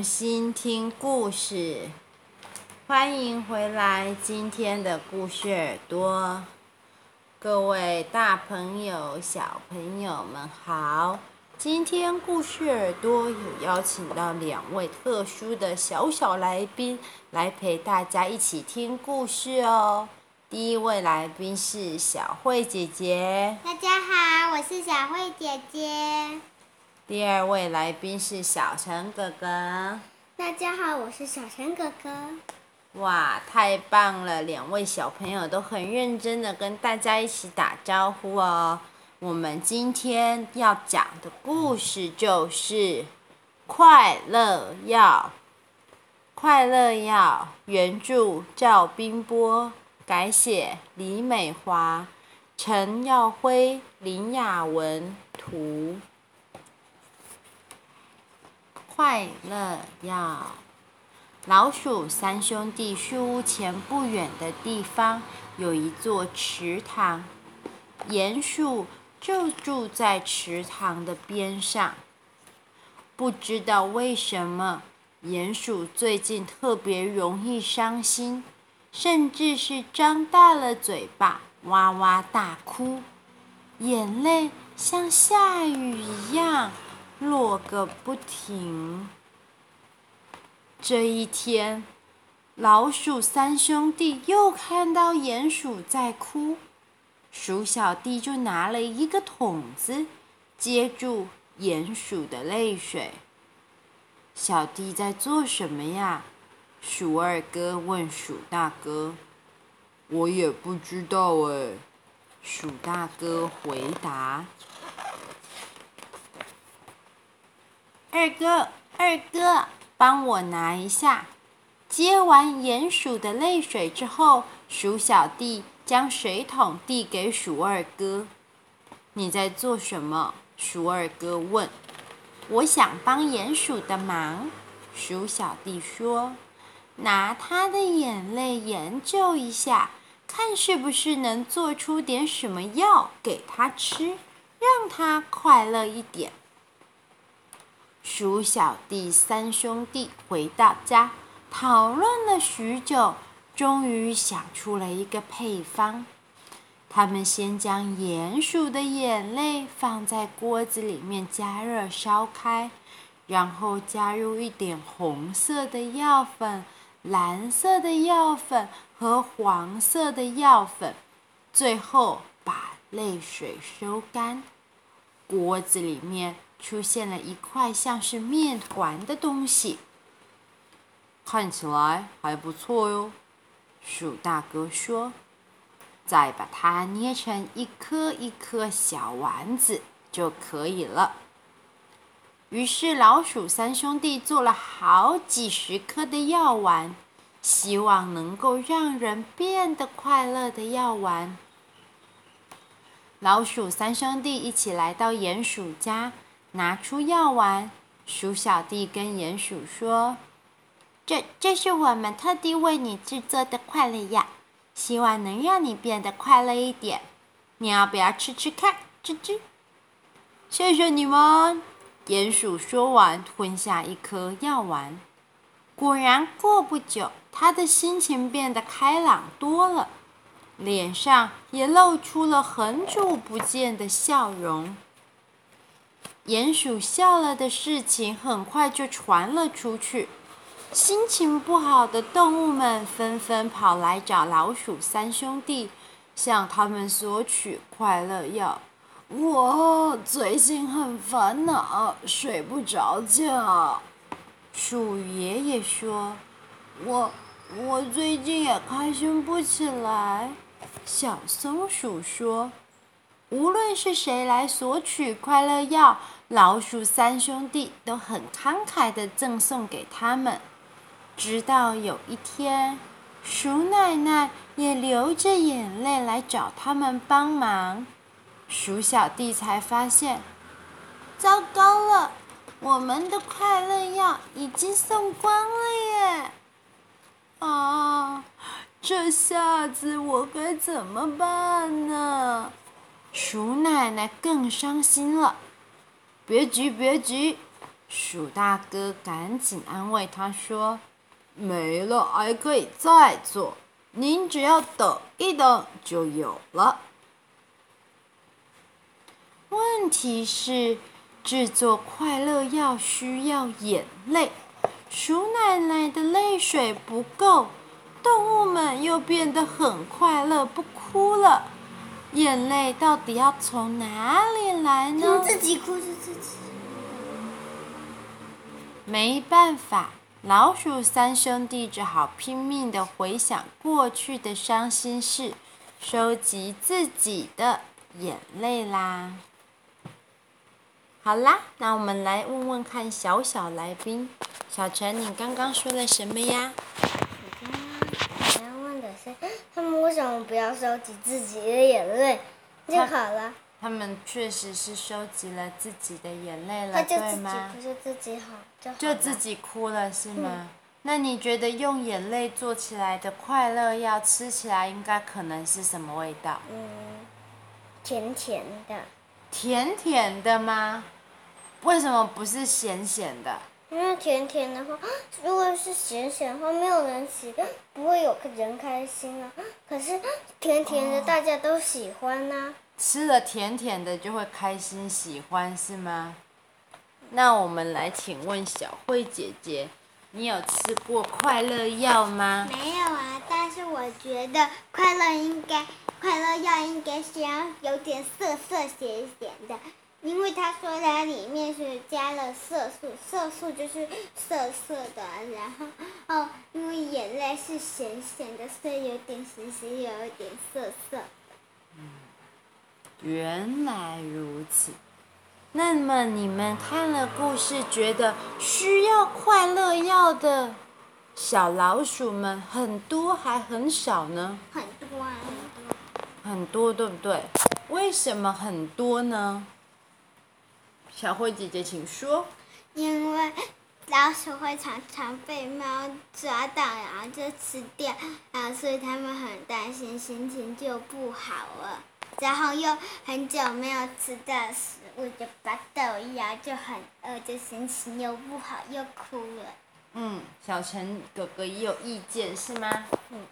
用心聽故事，歡迎回來！今天的故事耳朵，各位大朋友、小朋友們好！今天故事耳朵有邀請到兩位特殊的小小來賓，來陪大家一起聽故事哦。第一位來賓是小慧姐姐。大家好，我是小慧姐姐。第二位來賓是小陳哥哥。大家好，我是小陳哥哥。哇，太棒了！兩位小朋友都很認真的跟大家一起打招呼哦。我們今天要講的故事就是快樂藥《快樂藥》，《快樂藥》原著趙冰波，改寫李美華、陳耀輝、林雅文圖。快樂藥。老鼠三兄弟書屋前不遠的地方有一座池塘，鼴鼠就住在池塘的邊上。不知道為什麼，鼴鼠最近特別容易傷心，甚至是張大了嘴巴哇哇大哭，眼淚像下雨一樣。落個不停。這一天，老鼠三兄弟又看到鼴鼠在哭，鼠小弟就拿了一個桶子，接住鼴鼠的淚水。小弟在做什麼呀？鼠二哥問鼠大哥。我也不知道欸，鼠大哥回答。二哥，二哥，幫我拿一下。接完鼴鼠的淚水之後，鼠小弟將水桶遞給鼠二哥。“你在做什麼？”鼠二哥問。“我想幫鼴鼠的忙。”鼠小弟說，“拿他的眼淚研究一下，看是不是能做出點什麼藥給他吃，讓他快樂一點。”鼠小弟三兄弟回到家，討論了許久，終於想出了一個配方。他們先將鼴鼠的眼淚放在鍋子裡面加熱燒開，然後加入一點紅色的藥粉、藍色的藥粉和黃色的藥粉，最後把淚水收乾，鍋子裡面。出現了一塊像是面團的東西，看起來還不錯喲、哦。鼠大哥說：“再把它捏成一顆一顆小丸子就可以了。”於是，老鼠三兄弟做了好幾十顆的藥丸，希望能夠讓人變得快樂的藥丸。老鼠三兄弟一起來到鼹鼠家。拿出藥丸，鼠小弟跟鼴鼠說：“這這是我們特地為你制作的快樂藥，希望能讓你變得快樂一點。你要不要吃吃看？吃吃。”謝謝你們！鼴鼠說完，吞下一顆藥丸。果然，過不久，他的心情變得開朗多了，臉上也露出了很久不見的笑容。鼴鼠笑了的事情很快就傳了出去，心情不好的動物們紛紛跑來找老鼠三兄弟，向他們索取快樂藥。我最近很煩惱，睡不着覺。鼠爺爺說：“我，我最近也開心不起來。”小松鼠說。無論是誰來索取快樂藥，老鼠三兄弟都很慷慨地贈送給他們。直到有一天，鼠奶奶也流着眼淚來找他們幫忙，鼠小弟才發現，糟糕了，我們的快樂藥已經送光了耶！啊，這下子我該怎麼辦呢？鼠奶奶更傷心了，別急別急，鼠大哥趕緊安慰她說：“沒了還可以再做，您只要等一等就有了。”問題是制作快樂藥需要眼淚，鼠奶奶的淚水不夠，動物們又變得很快樂，不哭了。眼淚到底要從哪裡來呢？嗯，自己哭是自己。沒辦法，老鼠三兄弟只好拼命地回想過去的傷心事，收集自己的眼淚啦。好啦，那我們來問問看小小來賓，小恩，你剛剛說了什麼呀？他們為什麼不要收集自己的眼淚就好了？他，他們確實是收集了自己的眼淚了，對嗎？就就自己哭了是嗎？嗯，那你覺得用眼淚做起來的快樂藥吃起來應該可能是什麼味道？嗯，甜甜的。甜甜的嗎？為什麼不是鹹鹹的？因為甜甜的話，如果是鹹咸的話，沒有人喜，不會有人開心啊。可是，甜甜的大家都喜歡啊。哦，吃了甜甜的就會開心喜歡是嗎？那我們來請問小慧姐姐，你有吃過快樂藥嗎？沒有啊，但是我覺得快樂應該，快樂藥應該是要有點澀澀鹹咸的。因為他說它裡面是加了色素，色素就是色色的，然後哦，因為眼淚是鹹咸的，所以有點鹹鹹，有點澀澀。嗯，原來如此。那麼你們看了故事，覺得需要快樂藥的小老鼠們很多還很少呢？很多啊，很多。很多對不對？為什麼很多呢？小慧姐姐，請說。因為老鼠會常常被貓抓到，然後就吃掉，啊，所以他們很擔心，心情就不好了。然後又很久沒有吃到食物，就發抖，一搖就很餓，就心情又不好，又哭了。嗯，小陳哥哥也有意見，是嗎？嗯。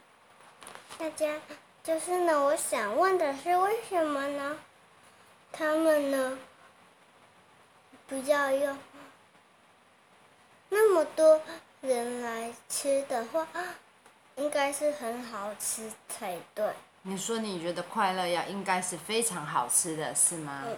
大家就是呢，我想問的是為什麼呢？他們呢？不要用那麼多人來吃的話，應該是很好吃才對。你說你覺得快樂藥應該是非常好吃的，是嗎？嗯。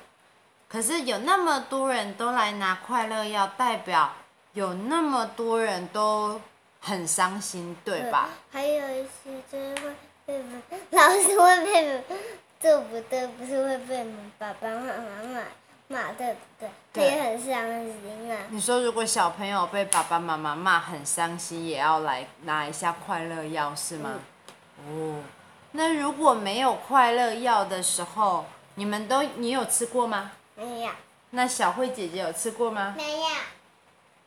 可是有那麼多人都來拿快樂藥，代表有那麼多人都很傷心，對吧？對，還有一些就是會被老師會被這，不對，不是會被爸爸媽媽，媽罵。罵，對，對，也對很傷心啊。你說如果小朋友被爸爸媽媽罵很傷心，也要來拿一下快樂藥是嗎？嗯、哦，那如果沒有快樂藥的時候，你們都，你有吃過嗎？沒有。那小慧姐姐有吃過嗎？沒有。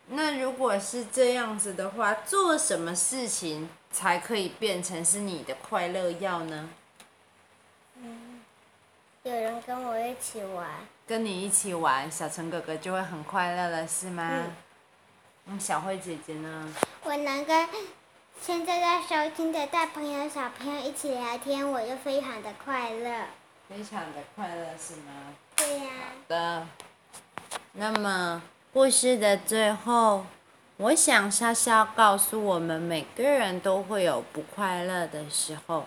那如果是這樣子的話，做什麼事情才可以變成是你的快樂藥呢？有人跟我一起玩，跟你一起玩，小陳哥哥就會很快樂了，是嗎？嗯，嗯，小慧姐姐呢？我能跟現在在收聽的大朋友、小朋友一起聊天，我就非常的快樂。非常的快樂，是嗎？對呀、啊。好的。那麼，故事的最後，我想悄悄告訴我們：每個人都會有不快樂的時候。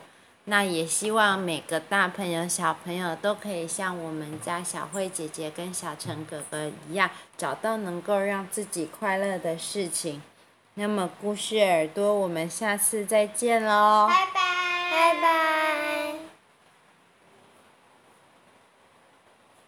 那也希望每個大朋友、小朋友都可以像我們家小慧姐姐跟小陳哥哥一樣，找到能夠讓自己快樂的事情。那麼，故事耳朵，我們下次再見嘍！拜拜拜拜。